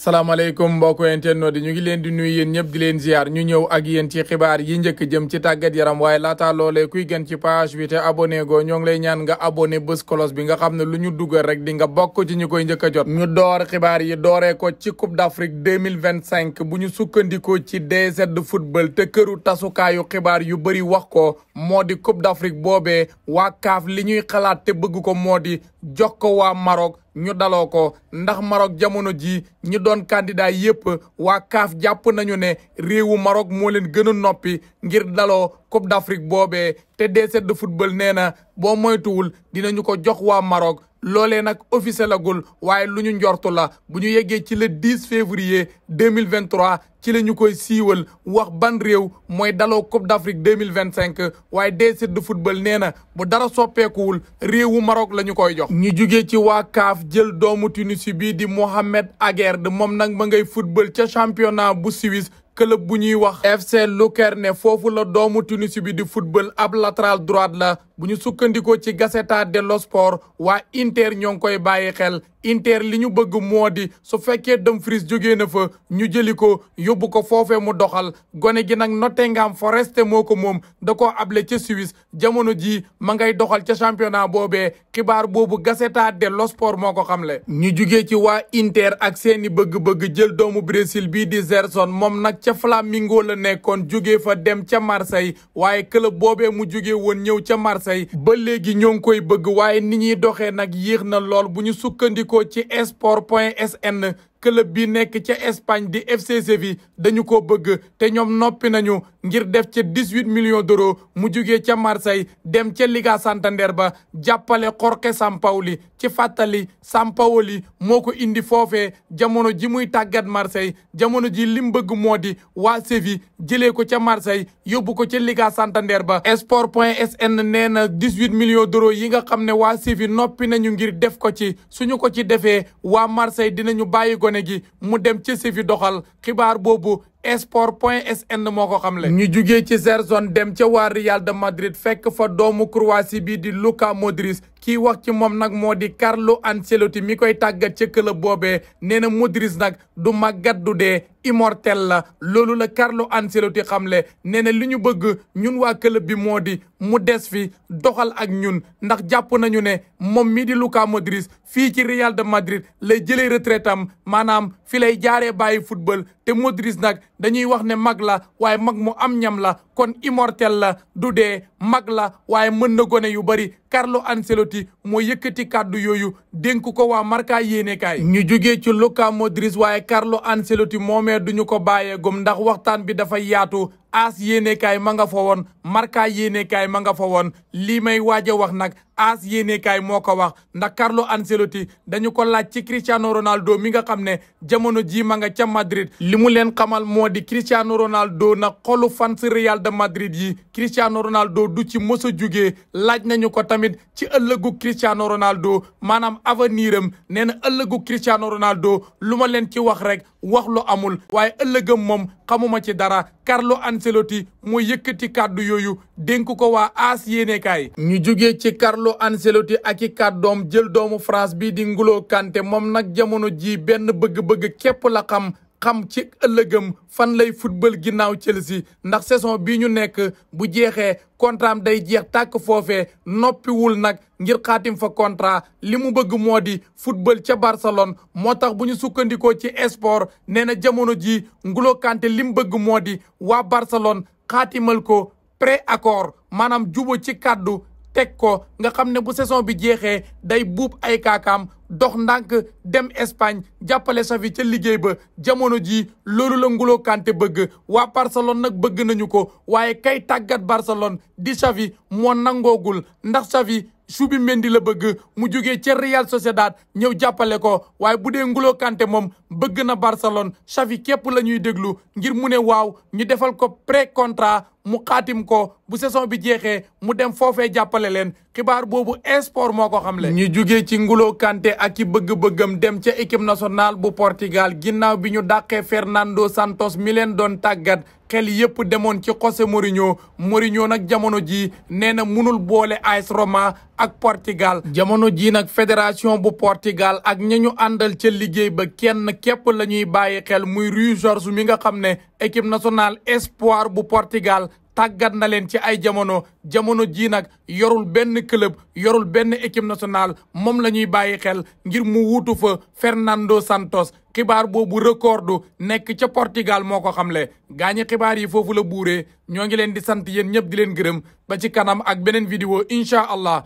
salaamaaleykum mbokk internet di ñu ngi leen di nuy yéen ñëpp di leen ziar ñu ñëw ak yen ci xibaar yi njëkk jëm ci tàggat yaram waaye laata loolee kuy gën ci page bi te abonné go ñoo ngi lay ñaan nga abone bés kolos bi nga xam ne lu ñu dugal rek di nga bokk ci ñu koy njëkk a jot ñu door xibaar yi dooree ko ci coupe d'Afrique deux mille vingt cinq bu ñu sukkandikoo ci DZ football te këru tasukaayu xibaar yu bëri wax ko moo di coupe d'Afrique boobee waa CAF li ñuy xalaat te bëgg ko moo di jox ko waa Maroc ñu daloo ko ndax Maroc jamono jii ñi doon candidat yépp waa CAF jàpp nañu ne réewu Maroc moo leen gën a noppi ngir daloo Coupe d'Afrique boobee te D7 de football nee na boo moytuwul dinañu ko jox waa Maroc loolee nag officiel agul waaye lu ñu njortu la bu ñu yeggee ci le 10 février 2023 ci la ñu koy siiwal wax ban réew mooy daloo Coupe d'Afrique 2025 waaye D7 de football nee na bu dara soppeekuwul réewu Maroc la ñu koy jox. ñu jugee ci waa CAF jël doomu Tunisie bii di Mohamed Aguerd moom nag ma ngay football ca championnat bu Suisse. club bu ñuy wax FC Lucerne foofu la doomu Tunisie bi di football ab latéral droite la bu ñu sukkandikoo ci Gazzetta dello Sport waa Inter ñoo ngi koy bàyyi xel Inter li ñu bëgg moo di su fekkee Dumfries jógee na fa ñu jëli ko yóbbu ko foofee mu doxal gone gi nag Nottingham Forest moo ko moom da ko able ca Suisse jamono jii ma ngay doxal ca championnat boobee xibaar boobu Gazzetta dello Sport moo ko xamle. ñu jugee ci waa Inter ak seeni bëgg-bëgg jël doomu Brésil bii di Gerson moom nag ca Flamengo la nekkoon jógee fa dem ca Marseille waaye club boobee mu jógee woon ñëw ca Marseille. conseil ba léegi ñoo ngi koy bëgg waaye ni ñuy doxee nag yéex na lool bu ñu sukkandikoo ci esport point sn club bi nekk ca Espagne di FC Séville dañu ko bëgg te ñoom noppi nañu ngir def ca dix-huit millions d'euros mu jugee ca Marseille dem ca Liga Santander ba jàppale Jorge Sampaoli ci fàttali Sampaoli moo ko indi foofee jamono ji muy tàggat Marseille jamono ji lim bëgg moo di waa Séville jëlee ko ca Marseille yóbbu ko ca Liga Santander ba sport.sn nee na dix-huit millions d'euros yi nga xam ne waa Séville noppi nañu ngir def ko ci suñu ko ci defee waa Marseille dinañu bàyyi gone gi mu dem ca sifi doxal xibaar boobu esport point sn moo xam xamle ñu jugee ci Zerzone dem ca waa Real de Madrid fekk fa doomu Croatie bi di Luka Modric kii wax ci moom nag moo di Carlo Ancelotti mi koy tàggat ca club boobee nee na Modric nag du màggat du dee immortel la loolu la Carlo Ancelotti xamle nee na li ñu bëgg ñun waa club bi moo di mu des fi doxal ak ñun ndax jàpp nañu ne moom mii di Luka Modric fii ci Real de Madrid lay jëlee retraite am maanaam fi lay jaaree bàyyi football te Modric nag dañuy wax ne mag la waaye mag mu am ñam la kon immortel la du dee mag la waaye mën na gone yu bari Carlo Ancelotti moo yëkkati kàddu yooyu dénk ko waa Marca yéenekaay ñu jugee ci Luka Modric waaye Carlo Ancelotti moomee duñu ko bàyyeegum ndax waxtaan bi dafa yaatu as yéenekaay ma nga fa woon marka yéenekaay ma nga fa woon lii may waaj a wax nag as yéenekaay moo ko wax ndax Carlo Ancelotti dañu ko laaj ci Cristiano Ronaldo mi nga xam ne jamono jii ma nga ca Madrid li mu leen xamal moo di Cristiano Ronaldo na xolu fans Real de Madrid yi Cristiano Ronaldo du ci mës a jugee laaj nañu ko tamit ci ëllëgu Cristiano Ronaldo maanaam avenir am nee na ëllëgu Cristiano Ronaldo lu ma leen ci wax rek wax lu amul waaye ëllëgëm moom xamuma ci dara Carlo Ancelotti moo yëkkati kàddu yooyu dénk ko waa AS yéenekaay ñu jógee ci Carlo Ancelotti ak i kàddoom jël doomu France bi di Ngolo Kanté moom nag jamono ji benn bëgg-bëgg képp la xam xam ci ëllëgëm fan lay football ginnaaw Chelsea ndax saison bi ñu nekk bu jeexee contrat am day jeex tàkk foofee noppiwul nag ngir xaatim fa contrat li mu bëgg moo di football ca Barcelone moo tax bu ñu sukkandikoo ci sport nee na jamono ji Ngolo Kanté li mu bëgg moo di waa Barcelone xaatimal ko pré accord maanaam jubo ci kàddu teg ko nga xam ne bu saison bi jeexee day buub ay kaakaam dox ndànk dem Espagne jàppale Xavi ca liggéey ba jamono jii loolu la N'Golo Kanté bëgg waa Barcelone nag bëgg nañu ko waaye kay tàggat Barcelone di savi moo nangoogul ndax savi Xavi Zubimendi la bëgg mu jógee ca Real Sociedad ñëw jàppale ko waaye bu dee N'Golo Kanté moom bëgg na Barcelone Xavi képp la ñuy déglu ngir mu ne waaw ñu defal ko pré contrat mu xaatim ko bu saison bi jeexee mu dem foofe jàppale leen xibaar boobu esport moo ko xamle. ñu jugee ci Ngolo Kanté ak ci bëgg-bëggam dem ca équipe nationale bu Portugal ginnaaw bi ñu dàqee Fernando Santos mi leen doon tàggat. xel yëpp demoon ci José Mourinho Mourinho nag jamono jii nee na munul boole AS Roma ak Portugal jamono jii nag fédération bu Portugal ak ña ñu àndal ca liggéey ba kenn képp la ñuy bàyyi xel muy Rui Jorge mi nga xam ne équipe national espoir bu Portugal tàggat na leen ci ay jamono jamono ji nag yorul benn club yorul benn équipe national moom la ñuy bàyyi xel ngir mu wutu fa Fernando Santos xibaar boobu record du nekk ca Portugal moo ko xamle gaa ñi xibaar yi foofu la buuree ñoo ngi leen di sant yeen ñëpp di leen gërëm ba ci kanam ak beneen vidéo incha allah